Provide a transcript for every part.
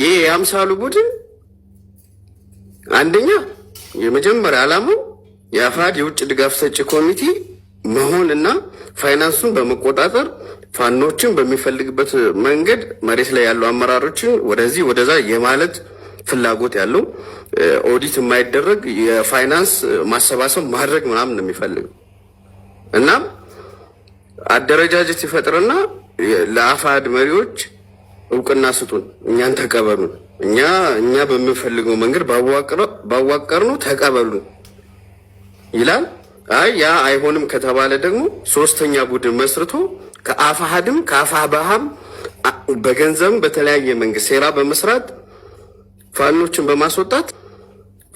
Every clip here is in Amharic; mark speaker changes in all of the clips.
Speaker 1: ይህ የአምሳሉ ቡድን አንደኛ የመጀመሪያ ዓላማው የአፋድ የውጭ ድጋፍ ሰጪ ኮሚቴ መሆንና ፋይናንሱን በመቆጣጠር ፋኖችን በሚፈልግበት መንገድ መሬት ላይ ያሉ አመራሮችን ወደዚህ ወደዛ የማለት ፍላጎት ያለው ኦዲት የማይደረግ የፋይናንስ ማሰባሰብ ማድረግ ምናምን ነው የሚፈልገው። እናም አደረጃጀት ይፈጥርና ለአፋድ መሪዎች እውቅና ስጡን፣ እኛን ተቀበሉን። እኛ እኛ በምንፈልገው መንገድ ባዋቀር ነው ተቀበሉን ይላል። አይ ያ አይሆንም ከተባለ ደግሞ ሶስተኛ ቡድን መስርቶ ከአፋሃድም ከአፋባሃም በገንዘብም በተለያየ መንገድ ሴራ በመስራት ፋኖችን በማስወጣት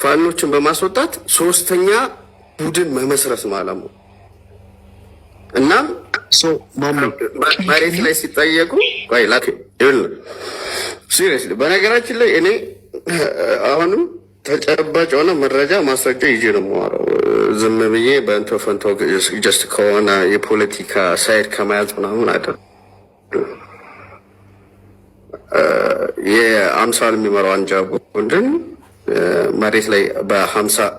Speaker 1: ፋኖችን በማስወጣት ሶስተኛ ቡድን መመስረት ማለት ነው። እናም መሬት ላይ ሲጠየቁ ቆይ ሲሪየስሊ በነገራችን ላይ እኔ አሁንም ተጨባጭ የሆነ መረጃ ማስረጃ ይዤ ነው የማወራው። ዝም ብዬ በእንቶ ፈንቶ ጀስት ከሆነ የፖለቲካ ሳይድ ከመያዝ ምናምን አይደለም። የአምሳል የሚመራው አንጃ ቡድን መሬት ላይ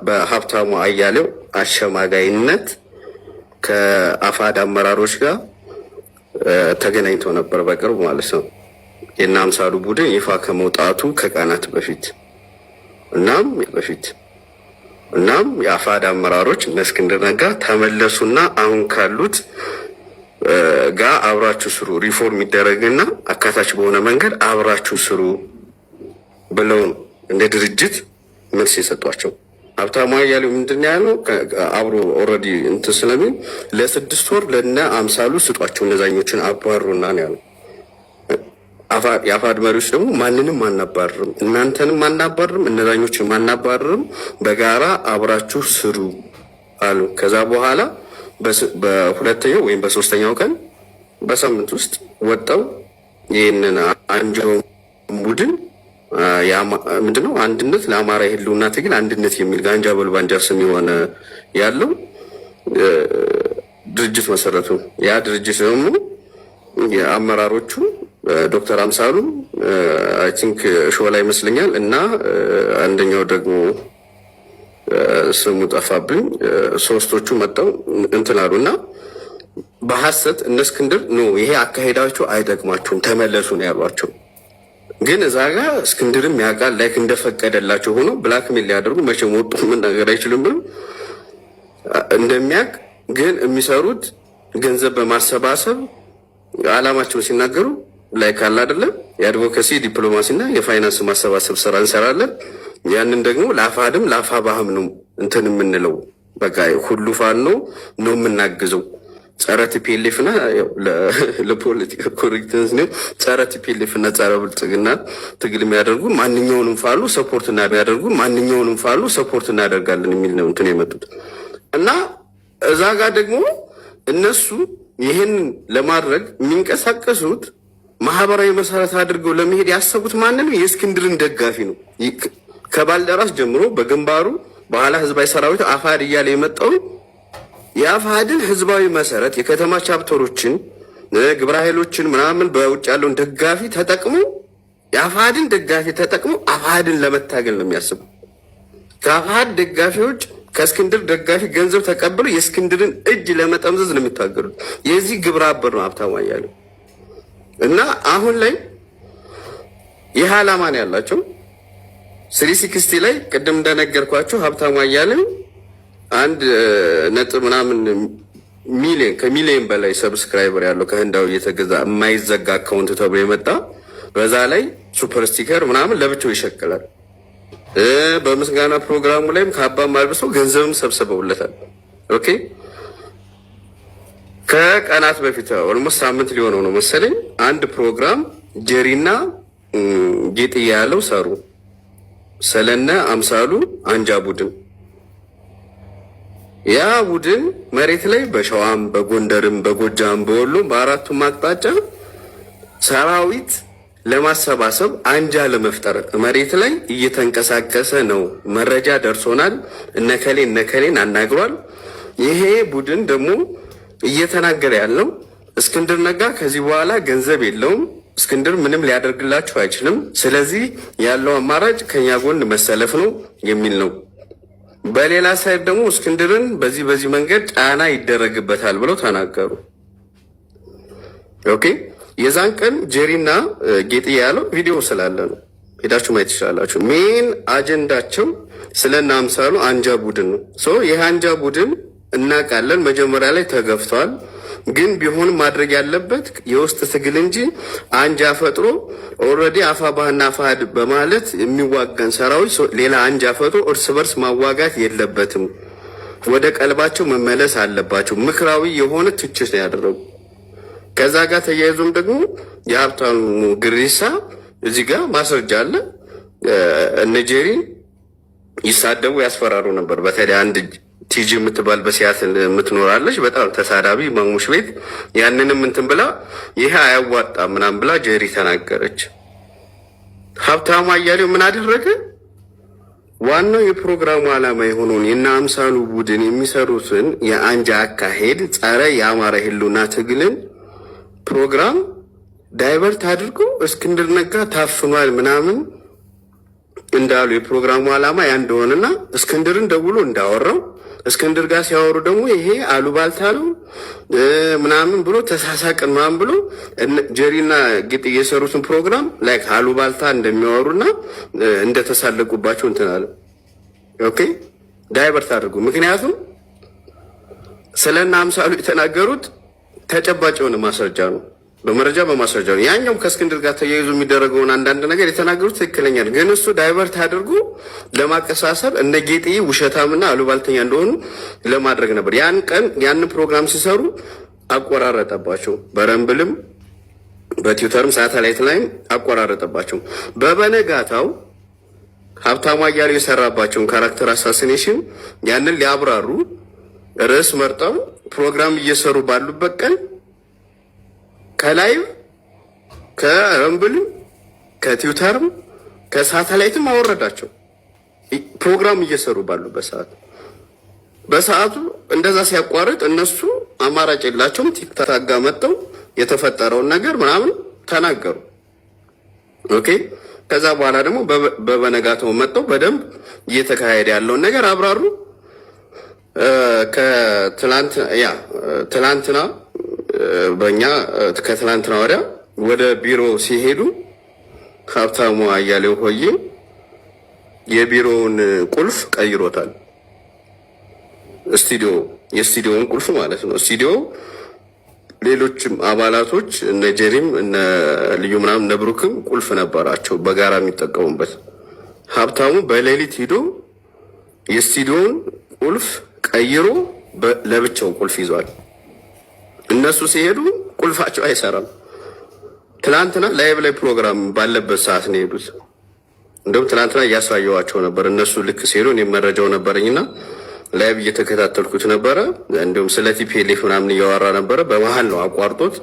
Speaker 1: በሀብታሙ አያሌው አሸማጋይነት ከአፋድ አመራሮች ጋር ተገናኝተው ነበር በቅርብ ማለት ነው። የእነ አምሳሉ ቡድን ይፋ ከመውጣቱ ከቀናት በፊት እናም በፊት እናም የአፋድ አመራሮች እነ እስክንድር ነጋ ተመለሱና አሁን ካሉት ጋር አብራችሁ ስሩ፣ ሪፎርም ይደረግና አካታች በሆነ መንገድ አብራችሁ ስሩ ብለው እንደ ድርጅት መልስ የሰጧቸው። ሀብታሙ አያሌው ምንድን ያለው አብሮ ኦልሬዲ እንትን ስለሚል ለስድስት ወር ለነ አምሳሉ ስጧቸው እነዛኞችን አባሩና ነው ያለው። የአፋድ መሪዎች ደግሞ ማንንም አናባርም፣ እናንተንም አናባርም፣ እነዛኞች አናባርም፣ በጋራ አብራችሁ ስሩ አሉ። ከዛ በኋላ በሁለተኛው ወይም በሶስተኛው ቀን በሳምንት ውስጥ ወጣው ይህንን አንጆ ቡድን ምንድነው አንድነት ለአማራ የህልውና ትግል አንድነት የሚል ጋንጃ በል ስም የሆነ ያለው ድርጅት መሰረቱ። ያ ድርጅት ደግሞ የአመራሮቹ ዶክተር አምሳሉ አይ ቲንክ ሾ ላይ ይመስለኛል እና አንደኛው ደግሞ ስሙ ጠፋብኝ። ሶስቶቹ መጠው እንትን አሉ እና በሀሰት እነ እስክንድር ኖ ይሄ አካሄዳቸው አይጠቅማቸውም ተመለሱ ነው ያሏቸው። ግን እዛ ጋ እስክንድርም ያውቃል ላይክ እንደፈቀደላቸው ሆኖ ብላክሜል ሊያደርጉ መቼም ወጡ ምን ነገር አይችልም ብሎ እንደሚያውቅ ግን የሚሰሩት ገንዘብ በማሰባሰብ አላማቸውን ሲናገሩ ላይ ካለ አይደለም የአድቮካሲ እና የፋይናንስ ማሰባሰብ ስራ እንሰራለን። ያንን ደግሞ ለአፋድም ለአፋ ባህም ነው እንትን የምንለው በቃ ሁሉ ፋኖ ነው ነው የምናግዘው። ጸረ ቲፒኤልኤፍና ለፖለቲካ ኮሬክትነስ ነው ጸረ ቲፒኤልኤፍና ጸረ ብልጽግና ትግል የሚያደርጉ ማንኛውንም ፋኖ ሰፖርት እናደርጉን ማንኛውንም ፋኖ ሰፖርት እናደርጋለን የሚል ነው እንትን የመጡት እና እዛ ጋር ደግሞ እነሱ ይህን ለማድረግ የሚንቀሳቀሱት ማህበራዊ መሰረት አድርገው ለመሄድ ያሰቡት ማንም የእስክንድርን ደጋፊ ነው። ከባልደራስ ጀምሮ በግንባሩ በኋላ ህዝባዊ ሰራዊት አፋድ እያለ የመጣው የአፋድን ህዝባዊ መሰረት የከተማ ቻፕተሮችን ግብረ ኃይሎችን ምናምን በውጭ ያለውን ደጋፊ ተጠቅሞ የአፋድን ደጋፊ ተጠቅሞ አፋድን ለመታገል ነው የሚያስቡ። ከአፋድ ደጋፊዎች ከእስክንድር ደጋፊ ገንዘብ ተቀብለው የእስክንድርን እጅ ለመጠምዘዝ ነው የሚታገሉት። የዚህ ግብረ አበር ነው ሀብታሙ አያሌው። እና አሁን ላይ ይህ ዓላማ ነው ያላቸው። ስሪ ሲክስቲ ላይ ቅድም እንደነገርኳችሁ ሀብታሙ አያሌው አንድ ነጥብ ምናምን ሚሊዮን ከሚሊዮን በላይ ሰብስክራይበር ያለው ከህንዳዊ እየተገዛ የማይዘጋ አካውንት ተብሎ የመጣ በዛ ላይ ሱፐር ስቲከር ምናምን ለብቻው ይሸክላል። በምስጋና ፕሮግራሙ ላይም ካባም ማልብሰው ገንዘብም ሰብስበውለታል። ኦኬ ከቀናት በፊት ኦልሞስት ሳምንት ሊሆነው ነው መሰለኝ አንድ ፕሮግራም ጀሪና ጌጥ ያለው ሰሩ ስለነ አምሳሉ አንጃ ቡድን ያ ቡድን መሬት ላይ በሸዋም በጎንደርም በጎጃም በወሎም በአራቱም አቅጣጫ ሰራዊት ለማሰባሰብ አንጃ ለመፍጠር መሬት ላይ እየተንቀሳቀሰ ነው። መረጃ ደርሶናል፣ እነከሌን እነከሌን አናግሯል። ይሄ ቡድን ደግሞ እየተናገረ ያለው እስክንድር ነጋ ከዚህ በኋላ ገንዘብ የለውም። እስክንድር ምንም ሊያደርግላቸው አይችልም። ስለዚህ ያለው አማራጭ ከኛ ጎን መሰለፍ ነው የሚል ነው። በሌላ ሳይድ ደግሞ እስክንድርን በዚህ በዚህ መንገድ ጫና ይደረግበታል ብለው ተናገሩ። ኦኬ የዛን ቀን ጄሪና ጌጥ ያለው ቪዲዮ ስላለ ነው፣ ሄዳችሁ ማየት ትችላላችሁ ሜን አጀንዳቸው ስለነ አምሳሉ አንጃ ቡድን ነው። ይህ አንጃ ቡድን እናውቃለን። መጀመሪያ ላይ ተገፍቷል። ግን ቢሆን ማድረግ ያለበት የውስጥ ትግል እንጂ አንጃ ፈጥሮ ኦልሬዲ አፋባህና አፋህድ በማለት የሚዋገን ሰራዊት ሌላ አንጃ ፈጥሮ እርስ በርስ ማዋጋት የለበትም። ወደ ቀልባቸው መመለስ አለባቸው። ምክራዊ የሆነ ትችት ነው ያደረጉ። ከዛ ጋር ተያይዞም ደግሞ የሀብታሙ ግሪሳ እዚህ ጋር ማስረጃ አለ። እነ ጄሪን ይሳደቡ ያስፈራሩ ነበር በተለይ አንድ ቲጂ የምትባል በሲያት የምትኖራለች በጣም ተሳዳቢ ማሙሽ ቤት ያንንም እንትን ብላ ይሄ አያዋጣ ምናም ብላ ጀሪ ተናገረች። ሀብታሙ አያሌው ምን አደረገ? ዋናው የፕሮግራሙ ዓላማ የሆነውን የእነ አምሳሉ ቡድን የሚሰሩትን የአንጃ አካሄድ ጸረ የአማራ ህሉና ትግልን ፕሮግራም ዳይቨርት አድርጎ እስክንድር ነጋ ታፍኗል ምናምን እንዳሉ የፕሮግራሙ ዓላማ ያ እንደሆነና እስክንድርን ደውሎ እንዳወራው እስክንድር ጋር ሲያወሩ ደግሞ ይሄ አሉባልታ ነው ምናምን ብሎ ተሳሳቅን ምናምን ብሎ ጀሪና ግጥ እየሰሩትን ፕሮግራም ላይ አሉባልታ እንደሚያወሩና እንደተሳለቁባቸው እንትን አለ። ኦኬ ዳይቨርት አድርጉ። ምክንያቱም ስለና አምሳሉ የተናገሩት ተጨባጭ የሆነ ማስረጃ ነው። በመረጃ በማስረጃ ነው። ያኛውም ከእስክንድር ጋር ተያይዞ የሚደረገውን አንዳንድ ነገር የተናገሩት ትክክለኛል፣ ግን እሱ ዳይቨርት አድርጎ ለማቀሳሰብ እነ ጌጤ ውሸታምና አሉባልተኛ እንደሆኑ ለማድረግ ነበር። ያን ቀን ያን ፕሮግራም ሲሰሩ አቆራረጠባቸው። በረምብልም በትዊተርም ሳተላይት ላይም አቆራረጠባቸው። በበነጋታው ሀብታሙ አያሌው የሰራባቸውን ካራክተር አሳሲኔሽን ያንን ሊያብራሩ ርዕስ መርጠው ፕሮግራም እየሰሩ ባሉበት ቀን ከላይም ከረምብልም ከትዊተርም ከሳተላይትም አወረዳቸው። ፕሮግራም እየሰሩ ባሉበት ሰዓት በሰዓቱ እንደዛ ሲያቋርጥ እነሱ አማራጭ የላቸውም። ቲክታጋ ጋ መጥተው የተፈጠረውን ነገር ምናምን ተናገሩ። ኦኬ። ከዛ በኋላ ደግሞ በበነጋተው መጥተው በደንብ እየተካሄደ ያለውን ነገር አብራሩ። ከትላንት ያ ትላንትና በእኛ ከትላንትና ወዲያ ወደ ቢሮ ሲሄዱ ሀብታሙ አያሌው ሆዬ የቢሮውን ቁልፍ ቀይሮታል። ስቱዲዮ የስቱዲዮውን ቁልፍ ማለት ነው። ስቱዲዮ ሌሎችም አባላቶች እነ ጀሪም እነ ልዩ ምናም እነ ብሩክም ቁልፍ ነበራቸው በጋራ የሚጠቀሙበት። ሀብታሙ በሌሊት ሂዶ የስቱዲዮውን ቁልፍ ቀይሮ ለብቻው ቁልፍ ይዟል። እነሱ ሲሄዱ ቁልፋቸው አይሰራም። ትናንትና ላይቭ ላይ ፕሮግራም ባለበት ሰዓት ነው የሄዱት። እንደውም ትናንትና እያሳየዋቸው ነበር። እነሱ ልክ ሲሄዱ እኔም መረጃው ነበረኝና ላይቭ እየተከታተልኩት ነበረ። እንዲሁም ስለ ቲፒኤልኤፍ ምናምን እያወራ ነበረ። በመሀል ነው አቋርጦት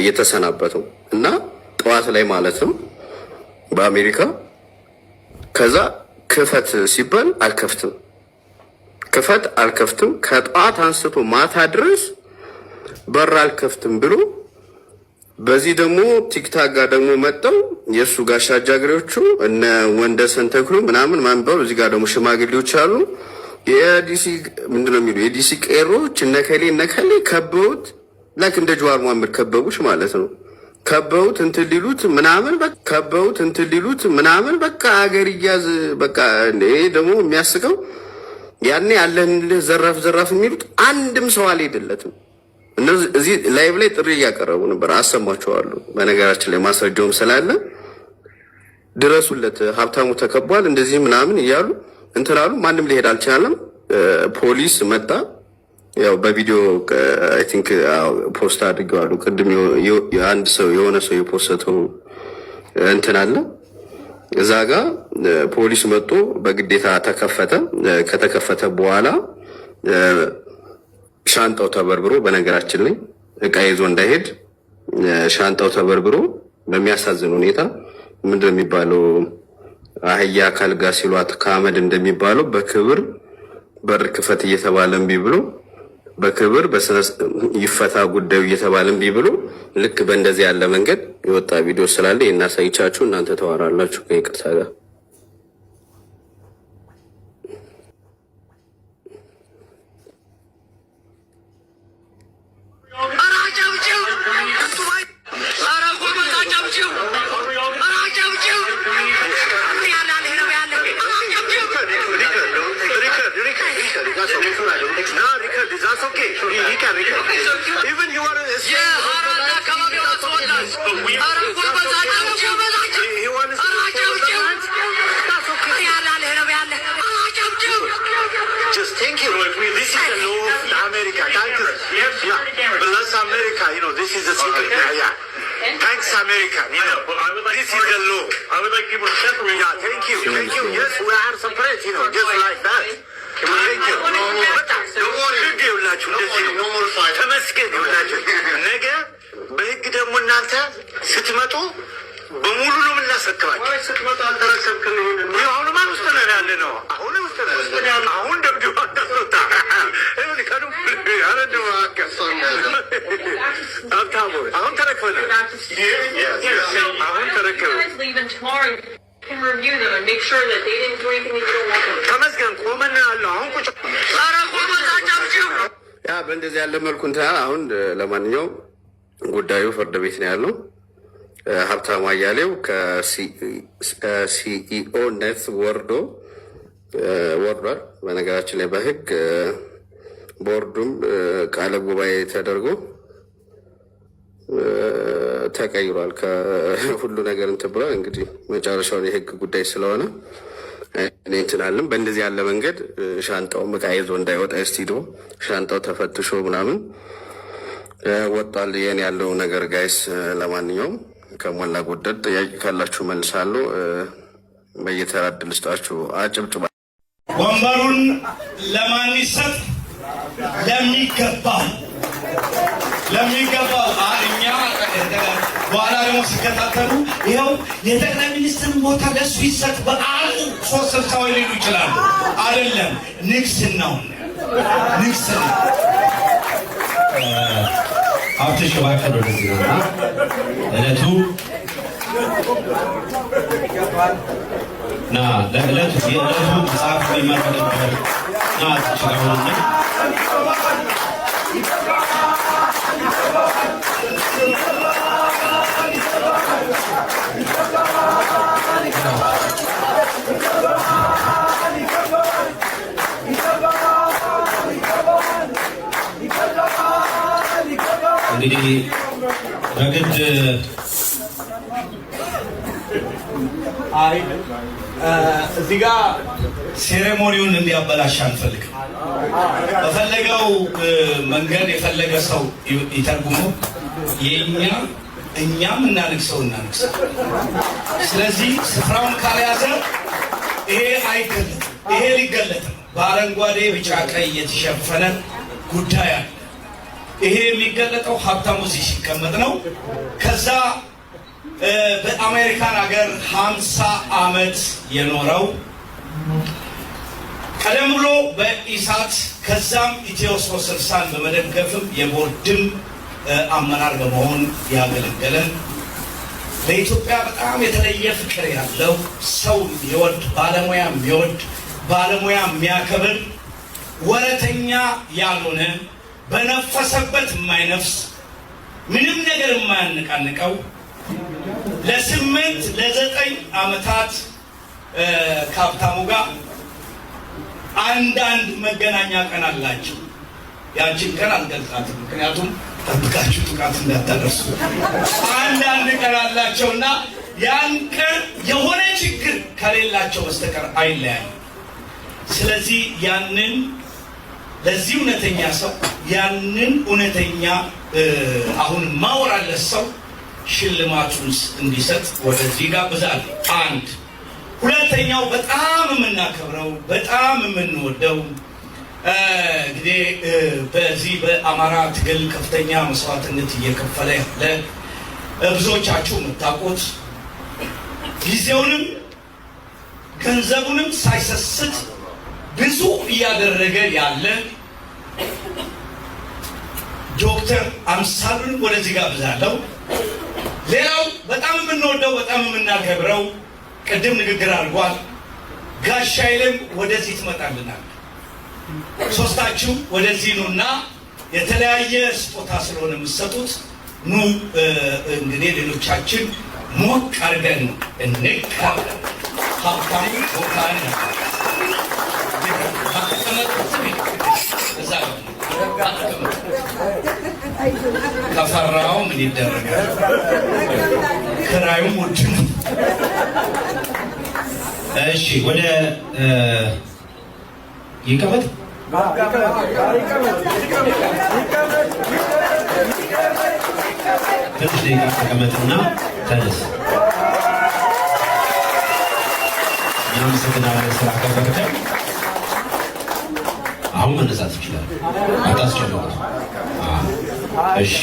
Speaker 1: እየተሰናበተው እና ጠዋት ላይ ማለት ነው በአሜሪካ ከዛ ክፈት ሲባል አልከፍትም፣ ክፈት አልከፍትም። ከጠዋት አንስቶ ማታ ድረስ በር አልከፍትም ብሎ በዚህ ደግሞ ቲክታክ ጋር ደግሞ መጠው የእሱ ጋሻ ጃግሬዎቹ እነ ወንደሰን ተክሉ ምናምን ማንበብ እዚህ ጋር ደግሞ ሽማግሌዎች አሉ። የዲሲ ነው የሚሉ የዲሲ ቄሮች እነከሌ እነከሌ ከበውት ላክ እንደ ጀዋር መሀመድ ከበቡች ማለት ነው። ከበውት እንትን ሊሉት ምናምን ከበውት እንትን ሊሉት ምናምን በቃ አገር እያዝ በቃ ይሄ ደግሞ የሚያስቀው ያኔ ያለንልህ ዘራፍ ዘራፍ የሚሉት አንድም ሰው አልሄደለትም። እዚህ ላይቭ ላይ ጥሪ እያቀረቡ ነበር፣ አሰማቸዋሉ። በነገራችን ላይ ማስረጃውም ስላለ ድረሱለት፣ ሀብታሙ ተከቧል፣ እንደዚህ ምናምን እያሉ እንትን አሉ። ማንም ሊሄድ አልቻለም። ፖሊስ መጣ። ያው በቪዲዮ አይ ቲንክ ፖስት አድርገዋሉ። ቅድም አንድ ሰው የሆነ ሰው የፖስተው እንትን አለ እዛ ጋ ፖሊስ መጥቶ በግዴታ ተከፈተ። ከተከፈተ በኋላ ሻንጣው ተበርብሮ፣ በነገራችን ላይ እቃ ይዞ እንዳይሄድ ሻንጣው ተበርብሮ በሚያሳዝን ሁኔታ ምንድን የሚባለው አህያ ካልጋ ሲሏት ከአመድ እንደሚባለው በክብር በር ክፈት እየተባለ እምቢ ብሎ በክብር ይፈታ ጉዳዩ እየተባለ እምቢ ብሎ ልክ በእንደዚህ ያለ መንገድ የወጣ ቪዲዮ ስላለ ይህን አሳይቻችሁ እናንተ ተዋራላችሁ ከይቅርታ ጋር እናንተ ስትመጡ በሙሉ ነው የምናስረክባቸው። ስትመጡ አልተረከብክም። አሁንማ ውስጥ ነን ያለ ነው። አሁን ውስጥ ነን። አሁን ከዱ ደብድባ እንዳስወጣ አሁን ተረክበናል። አሁን ተረክበናል። ተመስገን ቆመን ያለው አሁን ቁጭ ያ በእንደዚህ ያለ መልኩ እንትናል አሁን ለማንኛውም ጉዳዩ ፍርድ ቤት ነው ያለው። ሀብታሙ አያሌው ነት ወርዶ ወርዷል። በነገራችን ላይ በህግ ቦርዱም ቃለ ጉባኤ ተደርጎ ተቀይሯል። ከሁሉ ነገር እንትን ብሏል። እንግዲህ መጨረሻውን የህግ ጉዳይ ስለሆነ እኔ እንትናለን በእንደዚህ ያለ መንገድ ሻንጣው እቃ ይዞ እንዳይወጣ ስቲዶ ሻንጣው ተፈትሾ ምናምን ወጣል ይሄን ያለው ነገር ጋይስ። ለማንኛውም ከሞላ ጎደል ጥያቄ ካላችሁ መልሳለሁ። በየተራ እድል ስጣችሁ። አጭብጭባ ወንበሩን ለማን ይሰጥ? ለሚገባ ለሚገባ እኛ በኋላ ደግሞ ሲከታተሉ ይኸው የጠቅላይ ሚኒስትር ቦታ ለሱ ይሰጥ በአሉ ሶስት ስብሰባ ሊሉ ይችላሉ። አይደለም ንግስ ነው ሀብትሽ እባክህ ነው እንደዚህ ነውና እለቱ ና ለእለቱ የእለቱ መጽሐፍ የሚመረቅበት ና ትችላለና እንግዲህ በግድ አይ እዚህ ጋር ሴሬሞኒውን እንዲያበላሽ አንፈልግም። በፈለገው መንገድ የፈለገ ሰው ይተርጉሞ የእኛ እኛም እናንግሰው እናንግሰው። ስለዚህ ስፍራውን ካልያዘ ይሄ አይገለጥም፣ ይሄ ሊገለጥ በአረንጓዴ ቢጫ፣ ቀይ የተሸፈነ ጉዳይ አለ። ይሄ የሚገለጠው ሀብታሙ እዚህ ሲቀመጥ ነው። ከዛ በአሜሪካን ሀገር ሀምሳ አመት የኖረው ቀደም ብሎ በኢሳት ከዛም ኢትዮ ሶስት ስልሳን በመደገፍም የቦርድም አመራር በመሆን ያገለገለ ለኢትዮጵያ በጣም የተለየ ፍቅር ያለው ሰው የሚወድ ባለሙያ የሚወድ ባለሙያ የሚያከብር ወረተኛ ያልሆነ በነፈሰበት የማይነፍስ ምንም ነገር የማያነቃንቀው ለስምንት ለዘጠኝ አመታት ከሀብታሙ ጋር አንዳንድ መገናኛ ቀን አላቸው። ያችን ቀን አልገልጻትም፣ ምክንያቱም ጠብቃችሁ ጥቃት እንዳታደርሱ። አንዳንድ ቀን እና ያን ቀን የሆነ ችግር ከሌላቸው በስተቀር አይለያዩ። ስለዚህ ያንን ለዚህ እውነተኛ ሰው ያንን እውነተኛ አሁን ማወራለት ሰው ሽልማቱን እንዲሰጥ ወደዚህ ጋብዛል። አንድ ሁለተኛው በጣም የምናከብረው በጣም የምንወደው እንግዲህ በዚህ በአማራ ትግል ከፍተኛ መስዋዕትነት እየከፈለ ያለ ብዙዎቻችሁ የምታውቁት ጊዜውንም ገንዘቡንም ሳይሰስት ብዙ እያደረገ ያለ ዶክተር አምሳሉን ወደዚህ ብዛለው። ሌላው በጣም የምንወደው በጣም የምናከብረው ቅድም ንግግር አድርጓል ጋሻይልም ወደዚህ ትመጣልናል። ሶስታችሁ ወደዚህ ኑና የተለያየ ስጦታ ስለሆነ የምትሰጡት ኑ። እንግዲህ ሌሎቻችን ሞቅ አድርገን እንካ ሀብታሙ ቦታን ነበር ከፈራው ምን ይደረጋል? ክራዩም ውድ ነው። እሺ ወደ ይቀመጥ ትንሽ ደቂቃ ተቀመጥና ተነስ። እኛም ስራ ከበርተን አሁን መነሳት ይችላል። አታስጨንቁት። እሺ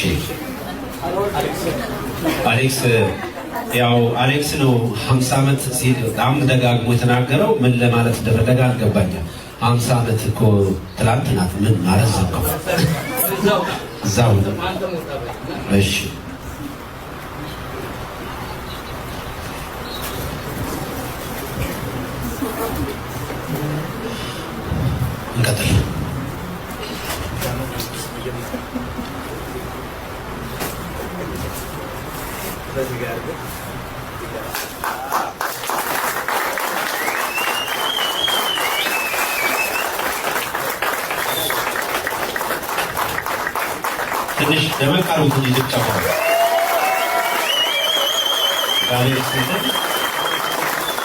Speaker 1: አሌክስ ያው አሌክስ ነው። ሀምሳ ዓመት ሲል በጣም ደጋግሞ የተናገረው ምን ለማለት እንደፈለገ አልገባኝም። ሀምሳ ዓመት እኮ ትላንት ናት። ምን ማለት ዘቀው እዛው። እሺ নেতাজি గారికి দেশ দেবকার উনি দীক্ষা পাবে গানের সেটা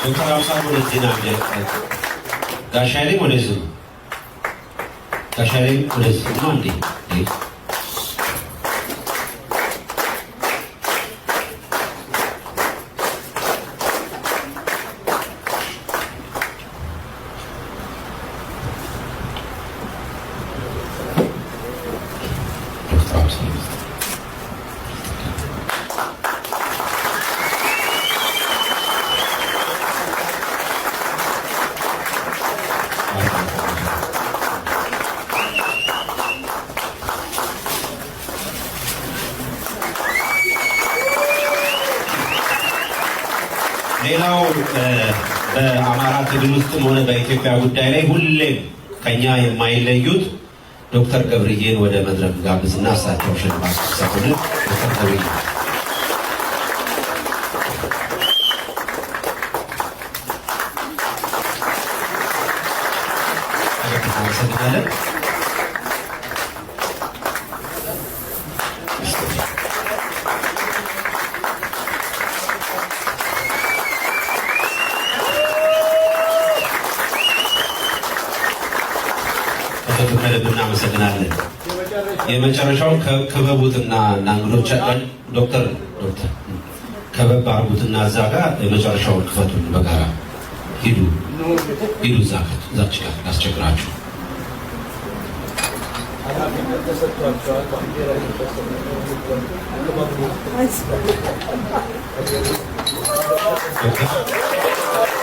Speaker 1: ডক্টর আমসার বলে দিন আমি গাশারি মনে শুরু গাশারি মনে শুরু মানে በአማራ ክልል ውስጥም ሆነ በኢትዮጵያ ጉዳይ ላይ ሁሌም ከኛ የማይለዩት ዶክተር ገብርዬን ወደ መድረክ ጋብዝና እሳቸው ሽልማት ሰኩልን ዶክተር ገብርዬ ከበቡትና አለን። ዶክተር ዶክተር ከበብ አርጉትና እዛ ጋር የመጨረሻውን ክፈቱ። በጋራ ሂዱ ሂዱ። እዛ ዛች ጋር ያስቸግራችሁ Thank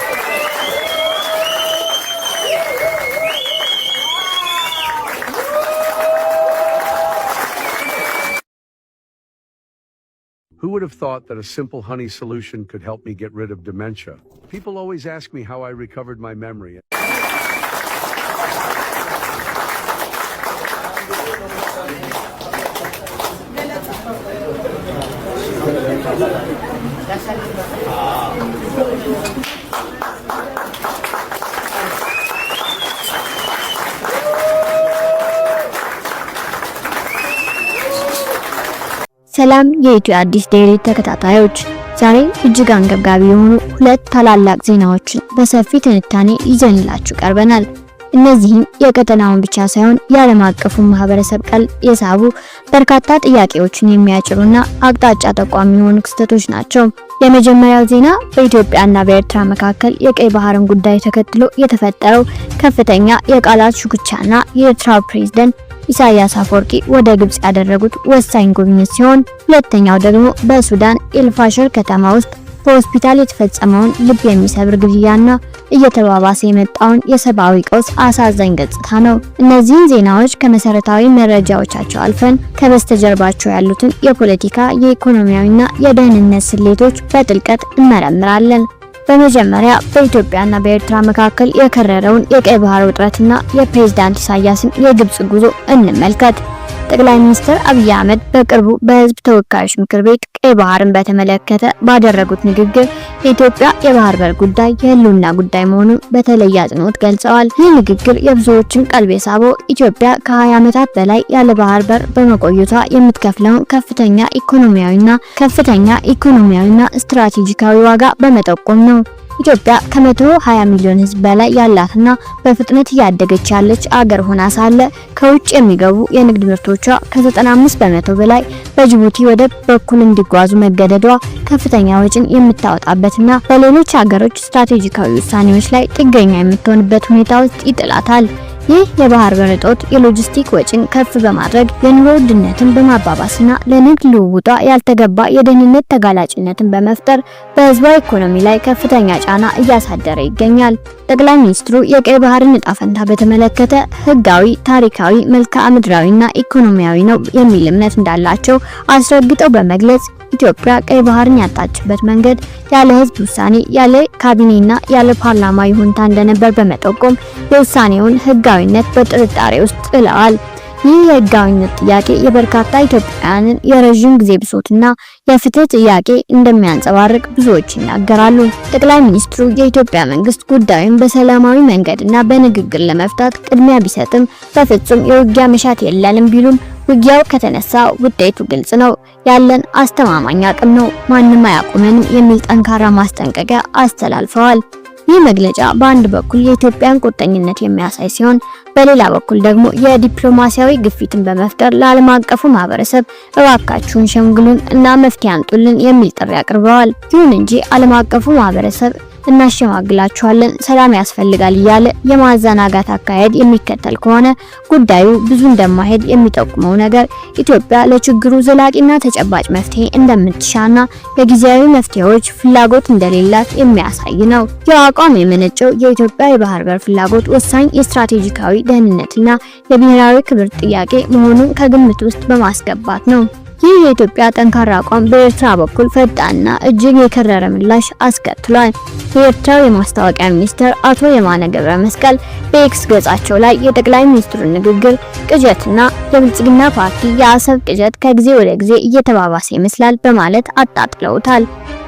Speaker 2: Who would have thought that a simple honey solution could help me get rid of dementia? People always ask me how I recovered my memory.
Speaker 3: ሰላም የኢትዮ አዲስ ዴይሊ ተከታታዮች፣ ዛሬ እጅግ አንገብጋቢ የሆኑ ሁለት ታላላቅ ዜናዎችን በሰፊ ትንታኔ ይዘንላችሁ ቀርበናል። እነዚህም የቀጠናውን ብቻ ሳይሆን የዓለም አቀፉን ማህበረሰብ ቀልብ የሳቡ በርካታ ጥያቄዎችን የሚያጭሩና አቅጣጫ ጠቋሚ የሆኑ ክስተቶች ናቸው። የመጀመሪያው ዜና በኢትዮጵያና በኤርትራ መካከል የቀይ ባህርን ጉዳይ ተከትሎ የተፈጠረው ከፍተኛ የቃላት ሽኩቻና የኤርትራው ፕሬዝዳንት ኢሳያስ አፈወርቂ ወደ ግብጽ ያደረጉት ወሳኝ ጉብኝት ሲሆን ሁለተኛው ደግሞ በሱዳን ኤልፋሽር ከተማ ውስጥ በሆስፒታል የተፈጸመውን ልብ የሚሰብር ግድያና እየተባባሰ የመጣውን የሰብአዊ ቀውስ አሳዛኝ ገጽታ ነው። እነዚህን ዜናዎች ከመሰረታዊ መረጃዎቻቸው አልፈን ከበስተጀርባቸው ያሉትን የፖለቲካ የኢኮኖሚያዊና የደህንነት ስሌቶች በጥልቀት እንመረምራለን። በመጀመሪያ በኢትዮጵያና በኤርትራ መካከል የከረረውን የቀይ ባህር ውጥረትና የፕሬዝዳንት ኢሳያስን የግብጽ ጉዞ እንመልከት። ጠቅላይ ሚኒስትር አብይ አህመድ በቅርቡ በህዝብ ተወካዮች ምክር ቤት ቀይ ባህርን በተመለከተ ባደረጉት ንግግር የኢትዮጵያ የባህር በር ጉዳይ የህልውና ጉዳይ መሆኑን በተለየ አጽንኦት ገልጸዋል። ይህ ንግግር የብዙዎችን ቀልብ የሳበው ኢትዮጵያ ከ20 ዓመታት በላይ ያለ ባህር በር በመቆየቷ የምትከፍለውን ከፍተኛ ኢኮኖሚያዊና ከፍተኛ ኢኮኖሚያዊና ስትራቴጂካዊ ዋጋ በመጠቆም ነው። ኢትዮጵያ ከ120 ሚሊዮን ህዝብ በላይ ያላትና በፍጥነት እያደገች ያለች አገር ሆና ሳለ ከውጭ የሚገቡ የንግድ ምርቶቿ ከ95 በመቶ በላይ በጅቡቲ ወደብ በኩል እንዲጓዙ መገደዷ ከፍተኛ ወጪን የምታወጣበትና በሌሎች ሀገሮች ስትራቴጂካዊ ውሳኔዎች ላይ ጥገኛ የምትሆንበት ሁኔታ ውስጥ ይጥላታል። ይህ የባህር በር እጦት የሎጂስቲክ ወጪን ከፍ በማድረግ የኑሮ ውድነትን በማባባስና ለንግድ ልውውጧ ያልተገባ የደህንነት ተጋላጭነትን በመፍጠር በህዝባዊ ኢኮኖሚ ላይ ከፍተኛ ጫና እያሳደረ ይገኛል። ጠቅላይ ሚኒስትሩ የቀይ ባህርን እጣ ፈንታ በተመለከተ ህጋዊ፣ ታሪካዊ፣ መልክዓ ምድራዊና ኢኮኖሚያዊ ነው የሚል እምነት እንዳላቸው አስረግጠው በመግለጽ ኢትዮጵያ ቀይ ባህርን ያጣችበት መንገድ ያለ ህዝብ ውሳኔ፣ ያለ ካቢኔና ያለ ፓርላማ ይሁንታ እንደነበር በመጠቆም የውሳኔውን ህጋዊነት በጥርጣሬ ውስጥ ጥለዋል። ይህ የህጋዊነት ጥያቄ የበርካታ ኢትዮጵያውያንን የረዥም ጊዜ ብሶትና የፍትህ ጥያቄ እንደሚያንጸባርቅ ብዙዎች ይናገራሉ። ጠቅላይ ሚኒስትሩ የኢትዮጵያ መንግስት ጉዳዩን በሰላማዊ መንገድና በንግግር ለመፍታት ቅድሚያ ቢሰጥም በፍጹም የውጊያ መሻት የለንም ቢሉም ውጊያው ከተነሳ ውጤቱ ግልጽ ነው። ያለን አስተማማኝ አቅም ነው፣ ማንም አያቁመንም የሚል ጠንካራ ማስጠንቀቂያ አስተላልፈዋል። ይህ መግለጫ በአንድ በኩል የኢትዮጵያን ቁርጠኝነት የሚያሳይ ሲሆን በሌላ በኩል ደግሞ የዲፕሎማሲያዊ ግፊትን በመፍጠር ለዓለም አቀፉ ማህበረሰብ እባካችሁን ሸምግሉን እና መፍትሄ አምጡልን የሚል ጥሪ አቅርበዋል። ይሁን እንጂ ዓለም አቀፉ ማህበረሰብ እናሸማግላችኋለን፣ ሰላም ያስፈልጋል እያለ የማዘናጋት አካሄድ የሚከተል ከሆነ ጉዳዩ ብዙ እንደማሄድ የሚጠቁመው ነገር ኢትዮጵያ ለችግሩ ዘላቂና ተጨባጭ መፍትሄ እንደምትሻና የጊዜያዊ መፍትሄዎች ፍላጎት እንደሌላት የሚያሳይ ነው። አቋም የመነጨው የኢትዮጵያ የባህር በር ፍላጎት ወሳኝ የስትራቴጂካዊ ደህንነትና የብሔራዊ ክብር ጥያቄ መሆኑን ከግምት ውስጥ በማስገባት ነው። ይህ የኢትዮጵያ ጠንካራ አቋም በኤርትራ በኩል ፈጣንና እጅግ የከረረ ምላሽ አስከትሏል። የኤርትራው የማስታወቂያ ሚኒስትር አቶ የማነ ገብረ መስቀል በኤክስ ገጻቸው ላይ የጠቅላይ ሚኒስትሩን ንግግር ቅጀትና የብልጽግና ፓርቲ የአሰብ ቅጀት ከጊዜ ወደ ጊዜ እየተባባሰ ይመስላል በማለት አጣጥለውታል።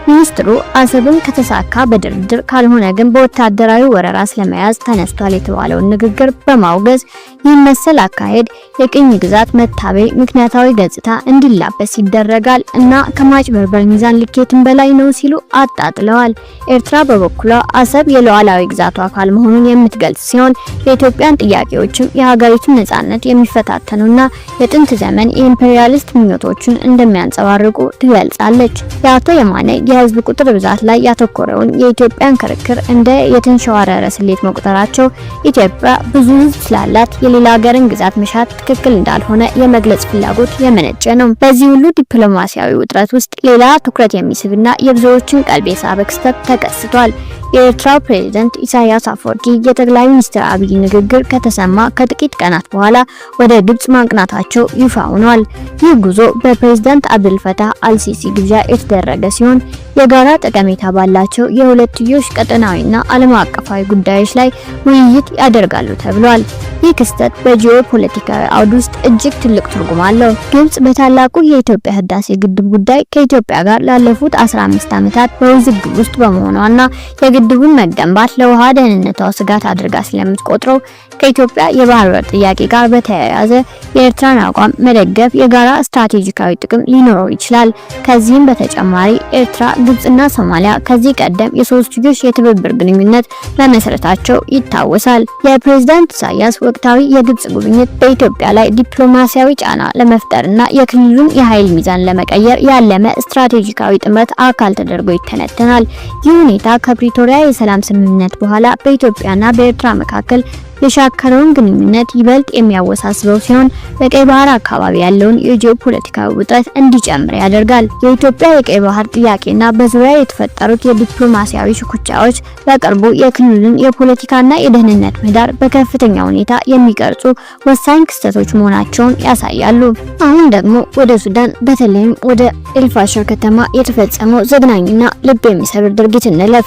Speaker 3: ሚኒስትሩ አሰብን ከተሳካ በድርድር ካልሆነ ግን በወታደራዊ ወረራ ስለመያዝ ተነስቷል የተባለውን ንግግር በማውገዝ ይህን መሰል አካሄድ የቅኝ ግዛት መታበይ ምክንያታዊ ገጽታ እንዲላበስ ይደረጋል እና ከማጭበርበር ሚዛን ልኬትን በላይ ነው ሲሉ አጣጥለዋል። ኤርትራ በበኩሏ አሰብ የሉዓላዊ ግዛቱ አካል መሆኑን የምትገልጽ ሲሆን የኢትዮጵያን ጥያቄዎችም የሀገሪቱን ነጻነት የሚፈታተኑና የጥንት ዘመን የኢምፔሪያሊስት ምኞቶችን እንደሚያንጸባርቁ ትገልጻለች። የአቶ የማነ የህዝብ ቁጥር ብዛት ላይ ያተኮረውን የኢትዮጵያን ክርክር እንደ የተንሸዋረረ ስሌት መቁጠራቸው ኢትዮጵያ ብዙ ህዝብ ስላላት የሌላ ሀገርን ግዛት መሻት ትክክል እንዳልሆነ የመግለጽ ፍላጎት የመነጨ ነው። በዚህ ሁሉ ዲፕሎማሲያዊ ውጥረት ውስጥ ሌላ ትኩረት የሚስብና የብዙዎችን ቀልብ የሳበ ክስተት ተከስቷል። የኤርትራው ፕሬዝደንት ኢሳያስ አፈወርቂ የጠቅላይ ሚኒስትር አብይ ንግግር ከተሰማ ከጥቂት ቀናት በኋላ ወደ ግብጽ ማቅናታቸው ይፋ ሆኗል። ይህ ጉዞ በፕሬዝደንት አብዱልፈታህ አልሲሲ ግብዣ የተደረገ ሲሆን የጋራ ጠቀሜታ ባላቸው የሁለትዮሽ ቀጠናዊና ዓለም አቀፋዊ ጉዳዮች ላይ ውይይት ያደርጋሉ ተብሏል። ይህ ክስተት በጂኦፖለቲካዊ አውድ ውስጥ እጅግ ትልቅ ትርጉም አለው። ግብጽ በታላቁ የኢትዮጵያ ህዳሴ ግድብ ጉዳይ ከኢትዮጵያ ጋር ላለፉት 15 ዓመታት በውዝግብ ውስጥ በመሆኗና የግድቡን መገንባት ለውሃ ደህንነቷ ስጋት አድርጋ ስለምትቆጥረው ከኢትዮጵያ የባህር በር ጥያቄ ጋር በተያያዘ የኤርትራን አቋም መደገፍ የጋራ ስትራቴጂካዊ ጥቅም ሊኖረው ይችላል። ከዚህም በተጨማሪ ኤርትራ ግብጽና ሶማሊያ ከዚህ ቀደም የሶስትዮሽ የትብብር ግንኙነት መመስረታቸው ይታወሳል። የፕሬዝዳንት ኢሳያስ ወቅታዊ የግብጽ ጉብኝት በኢትዮጵያ ላይ ዲፕሎማሲያዊ ጫና ለመፍጠርና የክልሉን የኃይል ሚዛን ለመቀየር ያለመ ስትራቴጂካዊ ጥምረት አካል ተደርጎ ይተነተናል። ይህ ሁኔታ ከፕሪቶሪያ የሰላም ስምምነት በኋላ በኢትዮጵያና በኤርትራ መካከል የሻከረውን ግንኙነት ይበልጥ የሚያወሳስበው ሲሆን በቀይ ባህር አካባቢ ያለውን የጂኦፖለቲካዊ ውጥረት እንዲጨምር ያደርጋል። የኢትዮጵያ የቀይ ባህር ጥያቄና በዙሪያ የተፈጠሩት የዲፕሎማሲያዊ ሽኩቻዎች በቅርቡ የክልሉን የፖለቲካና የደህንነት ምህዳር በከፍተኛ ሁኔታ የሚቀርጹ ወሳኝ ክስተቶች መሆናቸውን ያሳያሉ። አሁን ደግሞ ወደ ሱዳን በተለይም ወደ ኤልፋሽር ከተማ የተፈጸመው ዘግናኝና ልብ የሚሰብር ድርጊት እንለፍ።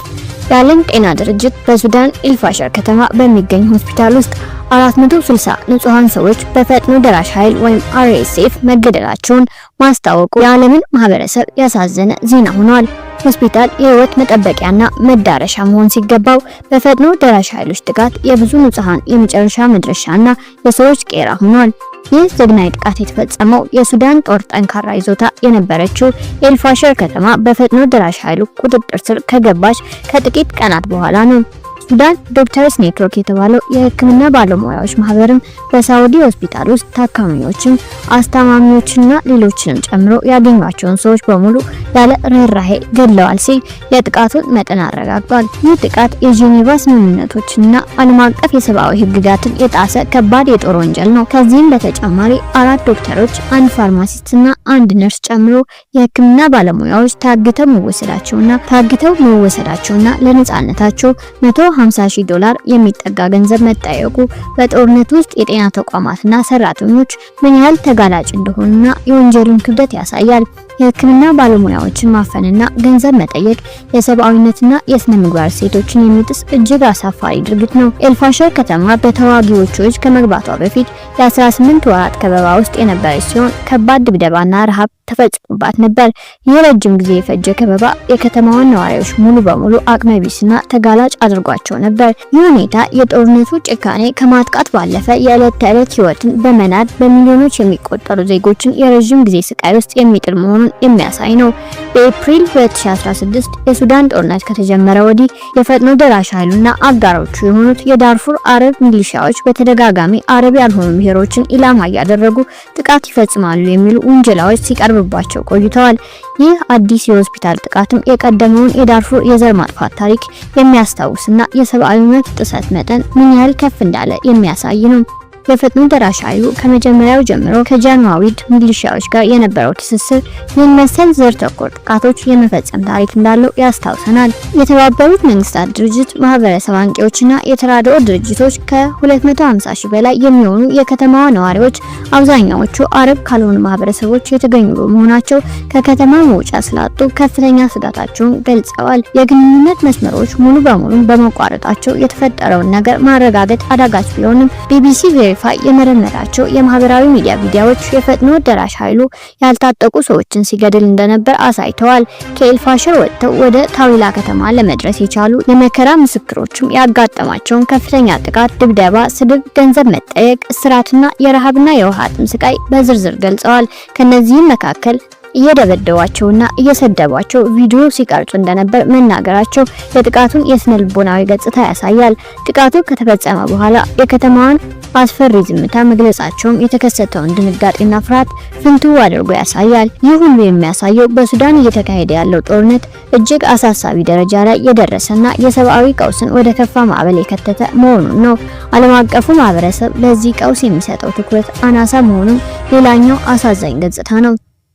Speaker 3: የዓለም ጤና ድርጅት በሱዳን ኤልፋሻር ከተማ በሚገኝ ሆስፒታል ውስጥ 460 ንጹሃን ሰዎች በፈጥኖ ደራሽ ኃይል ወይም RSF መገደላቸውን ማስታወቁ የዓለምን ማህበረሰብ ያሳዘነ ዜና ሆኗል። ሆስፒታል የህይወት መጠበቂያና መዳረሻ መሆን ሲገባው በፈጥኖ ደራሽ ኃይሎች ጥቃት የብዙ ንጹሃን የመጨረሻ መድረሻና የሰዎች ቄራ ሆኗል። ይህ ዘግናኝ ጥቃት የተፈጸመው የሱዳን ጦር ጠንካራ ይዞታ የነበረችው ኤልፋሸር ከተማ በፈጥኖ ደራሽ ኃይሉ ቁጥጥር ስር ከገባች ከጥቂት ቀናት በኋላ ነው። ሱዳን ዶክተርስ ኔትወርክ የተባለው የሕክምና ባለሙያዎች ማህበርም በሳውዲ ሆስፒታል ውስጥ ታካሚዎችን፣ አስታማሚዎችና ሌሎችንም ጨምሮ ያገኟቸውን ሰዎች በሙሉ ያለ ርኅራሄ ገድለዋል ሲል የጥቃቱን መጠን አረጋግጧል። ይህ ጥቃት የጄኔቫ ስምምነቶችና ዓለም አቀፍ የሰብአዊ ህግጋትን የጣሰ ከባድ የጦር ወንጀል ነው። ከዚህም በተጨማሪ አራት ዶክተሮች፣ አንድ ፋርማሲስትና አንድ ነርስ ጨምሮ የሕክምና ባለሙያዎች ታግተው መወሰዳቸውና ታግተው መወሰዳቸውና ለነጻነታቸው መቶ 50 ዶላር የሚጠጋ ገንዘብ መጠየቁ በጦርነት ውስጥ የጤና ተቋማትና ሰራተኞች ምን ያህል ተጋላጭ እንደሆኑና የወንጀሉን ክብደት ያሳያል። የህክምና ባለሙያዎችን ማፈንና ገንዘብ መጠየቅ የሰብአዊነትና የስነ ምግባር ሴቶችን የሚጥስ እጅግ አሳፋሪ ድርጊት ነው። ኤልፋሸር ከተማ በተዋጊዎቹ እጅ ከመግባቷ በፊት የ 18 ወራት ከበባ ውስጥ የነበረች ሲሆን ከባድ ድብደባና ረሃብ ተፈጽሞባት ነበር። ይህ ረጅም ጊዜ የፈጀ ከበባ የከተማዋን ነዋሪዎች ሙሉ በሙሉ አቅመቢስና ተጋላጭ አድርጓቸው ነበር። ይህ ሁኔታ የጦርነቱ ጭካኔ ከማጥቃት ባለፈ የዕለት ተዕለት ህይወትን በመናድ በሚሊዮኖች የሚቆጠሩ ዜጎችን የረዥም ጊዜ ስቃይ ውስጥ የሚጥል መሆኑ መሆኑን የሚያሳይ ነው። በኤፕሪል 2016 የሱዳን ጦርነት ከተጀመረ ወዲህ የፈጥኖ ደራሽ ኃይሉና አጋሮቹ የሆኑት የዳርፉር አረብ ሚሊሻዎች በተደጋጋሚ አረብ ያልሆኑ ብሔሮችን ኢላማ እያደረጉ ጥቃት ይፈጽማሉ የሚሉ ውንጀላዎች ሲቀርብባቸው ቆይተዋል። ይህ አዲስ የሆስፒታል ጥቃትም የቀደመውን የዳርፉር የዘር ማጥፋት ታሪክ የሚያስታውስና የሰብአዊ መብት ጥሰት መጠን ምን ያህል ከፍ እንዳለ የሚያሳይ ነው። የፈጥኖ ደራሽ ኃይሉ ከመጀመሪያው ጀምሮ ከጃንዋዊድ ምልሻዎች ጋር የነበረው ትስስር የሚመሰል ዘር ተኮር ጥቃቶች የመፈጸም ታሪክ እንዳለው ያስታውሰናል። የተባበሩት መንግስታት ድርጅት ማህበረሰብ አንቂዎችና የተራድኦ ድርጅቶች ከ250 ሺህ በላይ የሚሆኑ የከተማዋ ነዋሪዎች አብዛኛዎቹ አረብ ካልሆኑ ማህበረሰቦች የተገኙ በመሆናቸው ከከተማ መውጫ ስላጡ ከፍተኛ ስጋታቸውን ገልጸዋል። የግንኙነት መስመሮች ሙሉ በሙሉ በመቋረጣቸው የተፈጠረውን ነገር ማረጋገጥ አዳጋች ቢሆንም ቢቢሲ በይፋ የመረመራቸው የማህበራዊ ሚዲያ ቪዲዮዎች የፈጥኖ ደራሽ ኃይሉ ያልታጠቁ ሰዎችን ሲገድል እንደነበር አሳይተዋል። ከኤልፋሸር ወጥተው ወደ ታዊላ ከተማ ለመድረስ የቻሉ የመከራ ምስክሮችም ያጋጠማቸውን ከፍተኛ ጥቃት፣ ድብደባ፣ ስድብ፣ ገንዘብ መጠየቅ፣ እስራትና የረሃብና የውሃ ጥም ስቃይ በዝርዝር ገልጸዋል። ከነዚህም መካከል እየደበደቧቸውና እየሰደቧቸው ቪዲዮ ሲቀርጹ እንደነበር መናገራቸው የጥቃቱን የስነልቦናዊ ገጽታ ያሳያል። ጥቃቱ ከተፈጸመ በኋላ የከተማዋን በአስፈሪ ዝምታ መግለጻቸውም የተከሰተውን ድንጋጤና ፍርሃት ፍንትው አድርጎ ያሳያል። ይህ ሁሉ የሚያሳየው በሱዳን እየተካሄደ ያለው ጦርነት እጅግ አሳሳቢ ደረጃ ላይ የደረሰና የሰብአዊ ቀውስን ወደ ከፋ ማዕበል የከተተ መሆኑን ነው። ዓለም አቀፉ ማህበረሰብ ለዚህ ቀውስ የሚሰጠው ትኩረት አናሳ መሆኑም ሌላኛው አሳዛኝ ገጽታ ነው።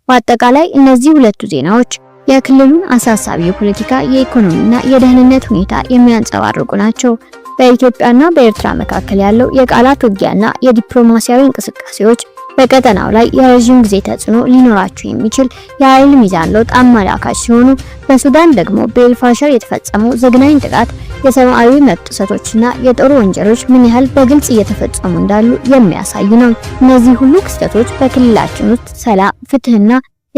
Speaker 3: በአጠቃላይ እነዚህ ሁለቱ ዜናዎች የክልሉን አሳሳቢ የፖለቲካ፣ የኢኮኖሚና የደህንነት ሁኔታ የሚያንጸባርቁ ናቸው። በኢትዮጵያና በኤርትራ መካከል ያለው የቃላት ውጊያና የዲፕሎማሲያዊ እንቅስቃሴዎች በቀጠናው ላይ የረዥም ጊዜ ተጽዕኖ ሊኖራቸው የሚችል የኃይል ሚዛን ለውጥ አመላካች ሲሆኑ በሱዳን ደግሞ በኤልፋሸር የተፈጸመው ዘግናኝ ጥቃት የሰብአዊ መብት ጥሰቶችና የጦር ወንጀሎች ምን ያህል በግልጽ እየተፈጸሙ እንዳሉ የሚያሳይ ነው። እነዚህ ሁሉ ክስተቶች በክልላችን ውስጥ ሰላም፣ ፍትህና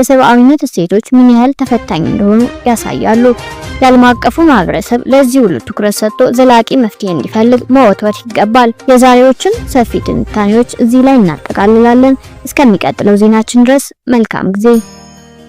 Speaker 3: የሰብአዊነት እሴቶች ምን ያህል ተፈታኝ እንደሆኑ ያሳያሉ። የዓለም አቀፉ ማህበረሰብ ለዚህ ሁሉ ትኩረት ሰጥቶ ዘላቂ መፍትሄ እንዲፈልግ መወትወት ይገባል። የዛሬዎችን ሰፊ ትንታኔዎች እዚህ ላይ እናጠቃልላለን። እስከሚቀጥለው ዜናችን ድረስ መልካም ጊዜ